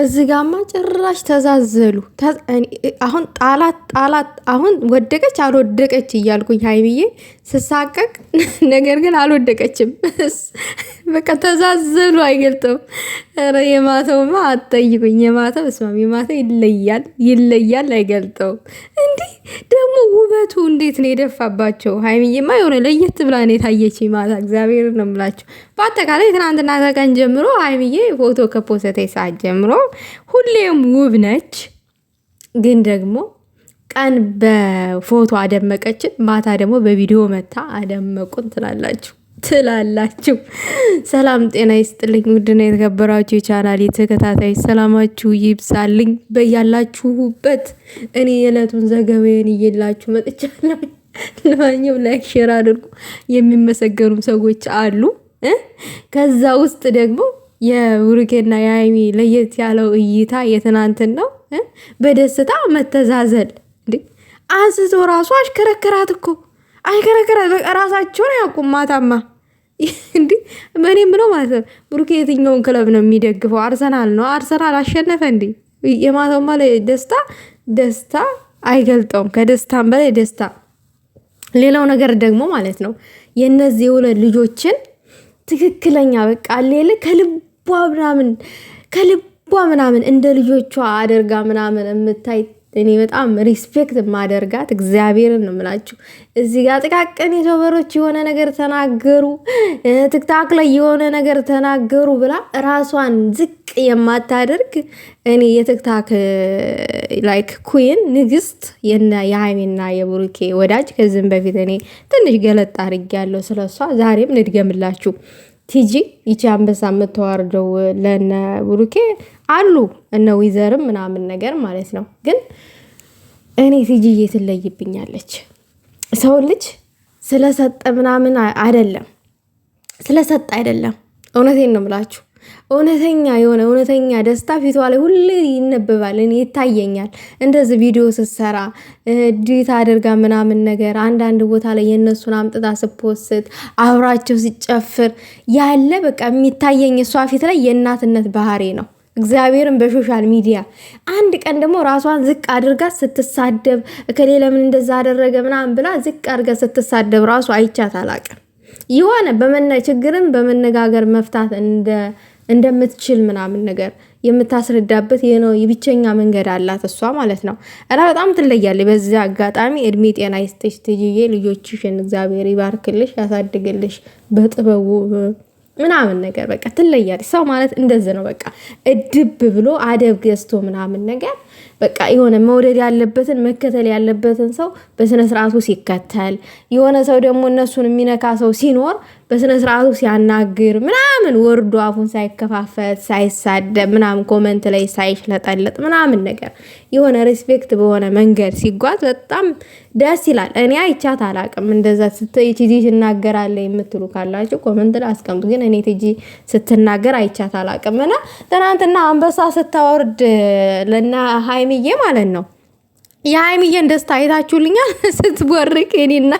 እዚህ ጋማ ጭራሽ ተዛዘሉ። አሁን ጣላት ጣላት። አሁን ወደቀች አልወደቀች እያልኩኝ ሀይሚዬ ስሳቀቅ፣ ነገር ግን አልወደቀችም። በቃ ተዛዘሉ። አይገልጥም። ኧረ የማተውማ አትጠይቁኝ። የማተው እስማም የማተው ይለያል ይለያል። አይገልጠውም። እንዲህ ደግሞ ውበቱ እንዴት ነው የደፋባቸው። ሀይሚዬማ የሆነ ለየት ብላ ነው የታየች ማታ። እግዚአብሔር ነው የምላቸው። በአጠቃላይ ትናንትና ተቀን ጀምሮ ሀይሚዬ ፎቶ ከፖሰተች ሰዓት ጀምሮ ሁሌም ውብ ነች። ግን ደግሞ ቀን በፎቶ አደመቀችን፣ ማታ ደግሞ በቪዲዮ መታ አደመቁን ትላላችሁ ትላላችሁ። ሰላም ጤና ይስጥልኝ። ውድና የተከበራችሁ የቻናል የተከታታይ ሰላማችሁ ይብዛልኝ በያላችሁበት። እኔ የዕለቱን ዘገባዬን እየላችሁ መጥቻለሁ። ለማንኛውም ላይክ፣ ሼር አድርጉ። የሚመሰገኑም ሰዎች አሉ። ከዛ ውስጥ ደግሞ የብሩኬና የሀይሚ ለየት ያለው እይታ የትናንትን ነው። በደስታ መተዛዘል እንዴ አንስቶ ራሱ አሽከረከራት እኮ አሽከረከራት። በቃ ራሳቸውን ያውቁም። ማታማ እንዲ በእኔም ብሎ ማለት ነው። ብሩኬ የትኛውን ክለብ ነው የሚደግፈው? አርሰናል ነው። አርሰናል አሸነፈ እንዴ የማታማ ላይ ደስታ ደስታ አይገልጠውም። ከደስታም በላይ ደስታ። ሌላው ነገር ደግሞ ማለት ነው የእነዚህ የሁለት ልጆችን ትክክለኛ በቃ ሌለ ከልብ ከልቧ ምናምን ከልቧ ምናምን እንደ ልጆቿ አደርጋ ምናምን የምታይ እኔ በጣም ሪስፔክት ማደርጋት እግዚአብሔርን ነው የምላችሁ። እዚህ ጋር ጥቃቅን ዩቱበሮች የሆነ ነገር ተናገሩ፣ ትክታክ ላይ የሆነ ነገር ተናገሩ ብላ ራሷን ዝቅ የማታደርግ እኔ የትክታክ ላይክ ኩይን ንግስት የሀይሜና የብሩኬ ወዳጅ ከዚህም በፊት እኔ ትንሽ ገለጥ አድርጌያለሁ ስለሷ ዛሬም ንድገምላችሁ። ቲጂ ይቺ አንበሳ የምተዋርደው ለነ ብሩኬ አሉ እነ ዊዘርም ምናምን ነገር ማለት ነው። ግን እኔ ቲጂ እየትለይብኛለች። ሰው ልጅ ስለሰጠ ምናምን አይደለም ስለሰጠ አይደለም። እውነቴን ነው የምላችሁ እውነተኛ የሆነ እውነተኛ ደስታ ፊቷ ላይ ሁሌ ይነበባል፣ ይታየኛል። እንደዚህ ቪዲዮ ስትሰራ ዲት አድርጋ ምናምን ነገር አንዳንድ ቦታ ላይ የእነሱን አምጥታ ስፖስት አብራቸው ሲጨፍር ያለ በቃ የሚታየኝ እሷ ፊት ላይ የእናትነት ባህሪ ነው። እግዚአብሔርን በሶሻል ሚዲያ አንድ ቀን ደግሞ ራሷን ዝቅ አድርጋ ስትሳደብ እከሌ ለምን እንደዛ አደረገ ምናምን ብላ ዝቅ አድርጋ ስትሳደብ ራሱ አይቻት አላቅም። የሆነ በመነ ችግርን በመነጋገር መፍታት እንደ እንደምትችል ምናምን ነገር የምታስረዳበት ነው የብቸኛ መንገድ አላት እሷ ማለት ነው። እና በጣም ትለያለች። በዚህ አጋጣሚ እድሜ ጤና ይስጥሽ ትጅዬ፣ ልጆችሽን እግዚአብሔር ይባርክልሽ፣ ያሳድግልሽ በጥበቡ ምናምን ነገር በቃ ትለያለች። ሰው ማለት እንደዚህ ነው። በቃ እድብ ብሎ አደብ ገዝቶ ምናምን ነገር በቃ የሆነ መውደድ ያለበትን መከተል ያለበትን ሰው በስነ ስርዓቱ ሲከተል፣ የሆነ ሰው ደግሞ እነሱን የሚነካ ሰው ሲኖር በስነ ስርዓቱ ሲያናግር ምናምን ወርዶ አፉን ሳይከፋፈት ሳይሳደብ ምናምን ኮመንት ላይ ሳይሽለጠለጥ ምናምን ነገር የሆነ ሬስፔክት በሆነ መንገድ ሲጓዝ በጣም ደስ ይላል። እኔ አይቻት አላቅም። እንደዛ ቲጂ ትናገራለ የምትሉ ካላቸው ኮመንት ላይ አስቀምጡ። ግን እኔ ትጂ ስትናገር አይቻት አላቅም እና ትናንትና አንበሳ ስታወርድ ለና ሀይሚ ሀይሚዬ ማለት ነው። የሀይሚዬን ደስታ አይታችሁልኛል። ስትቦርቅ የኔና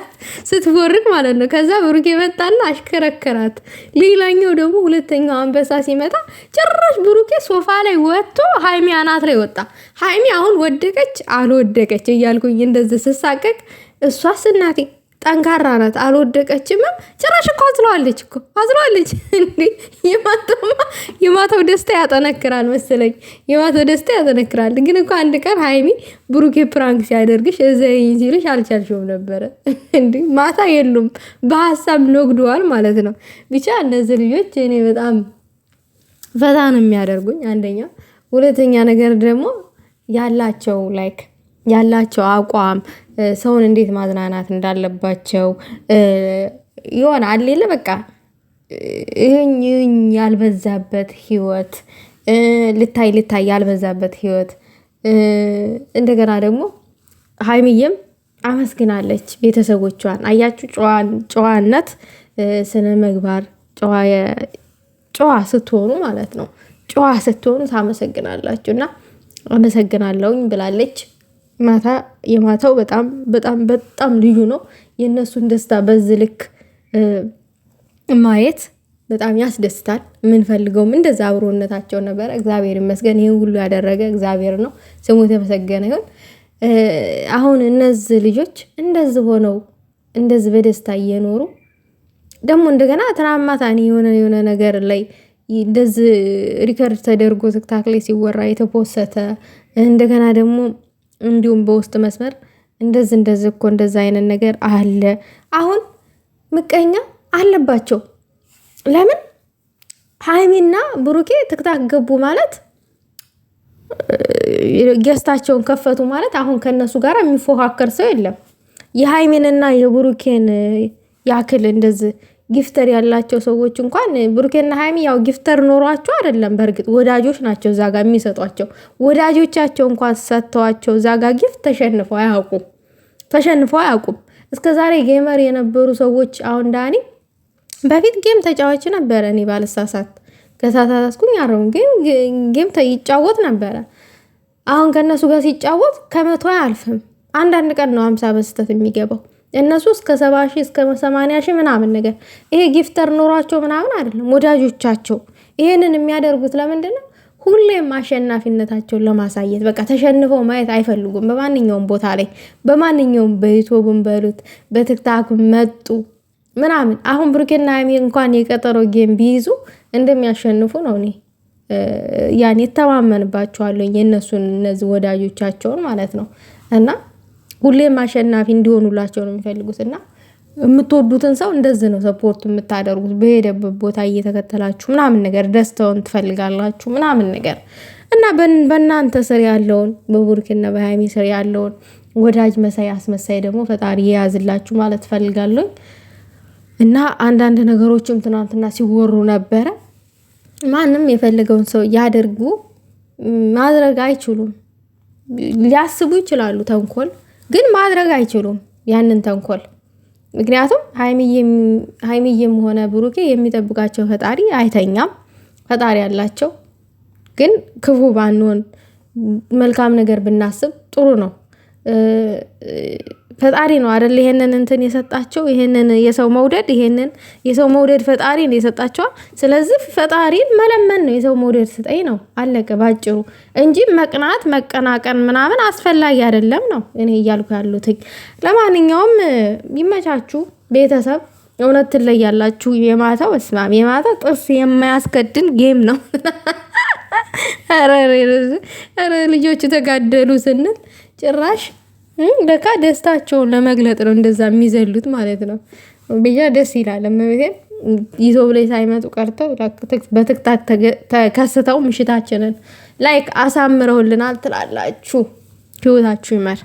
ስትቦርቅ ማለት ነው። ከዛ ብሩክ የመጣና አሽከረከራት። ሌላኛው ደግሞ ሁለተኛው አንበሳ ሲመጣ ጭራሽ ብሩኬ ሶፋ ላይ ወጥቶ ሀይሚ አናት ላይ ወጣ። ሀይሚ አሁን ወደቀች አልወደቀች እያልኩኝ እንደዚህ ስሳቀቅ እሷስ እናቴ ጠንካራ ናት፣ አልወደቀችምም። ጭራሽ እኮ አዝለዋለች እኮ አዝለዋለች። የማታው ደስታ ያጠነክራል መሰለኝ፣ የማታው ደስታ ያጠነክራል። ግን እኮ አንድ ቀን ሀይሚ ብሩኬ ፕራንክ ሲያደርግሽ እዘኝ ሲልሽ አልቻልሽውም ነበረ። እንዲ ማታ የሉም በሀሳብ ነግደዋል ማለት ነው። ብቻ እነዚህ ልጆች እኔ በጣም ፈታ ነው የሚያደርጉኝ አንደኛ፣ ሁለተኛ ነገር ደግሞ ያላቸው ላይክ ያላቸው አቋም ሰውን እንዴት ማዝናናት እንዳለባቸው የሆነ አሌለ በቃ ይህኝ ይህኝ ያልበዛበት ህይወት ልታይ ልታይ ያልበዛበት ህይወት። እንደገና ደግሞ ሀይሚዬም አመስግናለች ቤተሰቦቿን። አያችሁ ጨዋነት፣ ስነ ምግባር፣ ጨዋ ስትሆኑ ማለት ነው። ጨዋ ስትሆኑ ታመሰግናላችሁ እና አመሰግናለሁኝ ብላለች። ማታ የማታው በጣም በጣም በጣም ልዩ ነው። የእነሱን ደስታ በዚህ ልክ ማየት በጣም ያስደስታል። የምንፈልገውም እንደዛ አብሮነታቸው ነበረ። እግዚአብሔር ይመስገን ይህን ሁሉ ያደረገ እግዚአብሔር ነው፣ ስሙ የተመሰገነ ይሁን። አሁን እነዚህ ልጆች እንደዚህ ሆነው እንደዚህ በደስታ እየኖሩ ደግሞ እንደገና ትናንት ማታ የሆነ የሆነ ነገር ላይ እንደዚህ ሪከርድ ተደርጎ ትክታክ ላይ ሲወራ የተፖሰተ እንደገና ደግሞ እንዲሁም በውስጥ መስመር እንደዚህ እንደዚህ እኮ እንደዚህ አይነት ነገር አለ። አሁን ምቀኛ አለባቸው። ለምን ሀይሚና ብሩኬ ትክታክ ገቡ ማለት ገስታቸውን ከፈቱ ማለት አሁን ከነሱ ጋር የሚፎካከር ሰው የለም። የሀይሚንና የብሩኬን ያክል እንደዚህ ጊፍተር ያላቸው ሰዎች እንኳን ብሩኬና ሀይሚ ያው ጊፍተር ኖሯቸው አይደለም። በእርግጥ ወዳጆች ናቸው እዛ ጋ የሚሰጧቸው ወዳጆቻቸው እንኳን ሰጥተዋቸው እዛ ጋ ጊፍት ተሸንፈው አያውቁም፣ ተሸንፈው አያውቁም። እስከ ዛሬ ጌመር የነበሩ ሰዎች አሁን ዳኒ በፊት ጌም ተጫዋች ነበረ። እኔ ባልሳሳት ከሳሳሳስኩኝ አረሙ ጌም ይጫወት ነበረ። አሁን ከእነሱ ጋር ሲጫወት ከመቶ አያልፍም። አንዳንድ ቀን ነው ሀምሳ በስተት የሚገባው እነሱ እስከ ሰባ ሺህ እስከ ሰማንያ ሺህ ምናምን ነገር ይሄ ጊፍተር ኖሯቸው ምናምን አይደለም። ወዳጆቻቸው ይሄንን የሚያደርጉት ለምንድን ነው? ሁሌም አሸናፊነታቸውን ለማሳየት በቃ ተሸንፈው ማየት አይፈልጉም። በማንኛውም ቦታ ላይ በማንኛውም በዩቱብም በሉት በትክታክ መጡ ምናምን። አሁን ብሩኬና ሀይሚ እንኳን የቀጠሮ ጌም ቢይዙ እንደሚያሸንፉ ነው እኔ ያን የተማመንባቸዋለኝ የእነሱን እነዚህ ወዳጆቻቸውን ማለት ነው እና ሁሌም አሸናፊ እንዲሆኑላቸው ነው የሚፈልጉት እና የምትወዱትን ሰው እንደዚህ ነው ሰፖርት የምታደርጉት። በሄደበት ቦታ እየተከተላችሁ ምናምን ነገር ደስታውን ትፈልጋላችሁ ምናምን ነገር እና በእናንተ ስር ያለውን በቡርኪና በሃይሚ ስር ያለውን ወዳጅ መሳይ አስመሳይ ደግሞ ፈጣሪ የያዝላችሁ ማለት ትፈልጋለኝ። እና አንዳንድ ነገሮችም ትናንትና ሲወሩ ነበረ። ማንም የፈለገውን ሰው እያደርጉ ማድረግ አይችሉም። ሊያስቡ ይችላሉ ተንኮል ግን ማድረግ አይችሉም ያንን ተንኮል። ምክንያቱም ሀይሚዬም ሆነ ብሩኬ የሚጠብቃቸው ፈጣሪ አይተኛም፣ ፈጣሪ አላቸው። ግን ክፉ ባንሆን መልካም ነገር ብናስብ ጥሩ ነው። ፈጣሪ ነው አደል ይሄንን እንትን የሰጣቸው ይሄንን የሰው መውደድ ይሄንን የሰው መውደድ ፈጣሪ ነው የሰጣቸው። ስለዚህ ፈጣሪን መለመን ነው የሰው መውደድ ስጠኝ ነው አለቀ ባጭሩ፣ እንጂ መቅናት መቀናቀን ምናምን አስፈላጊ አይደለም ነው እኔ እያልኩ ያሉት። ለማንኛውም ይመቻችሁ ቤተሰብ። እውነት ትለያላችሁ። የማታ በስመ አብ የማታ ጥርስ የማያስከድን ጌም ነው። ኧረ ልጆቹ ተጋደሉ ስንል ጭራሽ ለካ ደስታቸውን ለመግለጥ ነው እንደዛ የሚዘሉት ማለት ነው። ብቻ ደስ ይላል። እመቤቴን ይዞ ብላይ ሳይመጡ ቀርተው በትክታት ተከስተው ምሽታችንን ላይክ አሳምረውልናል ትላላችሁ። ህይወታችሁ ይመር።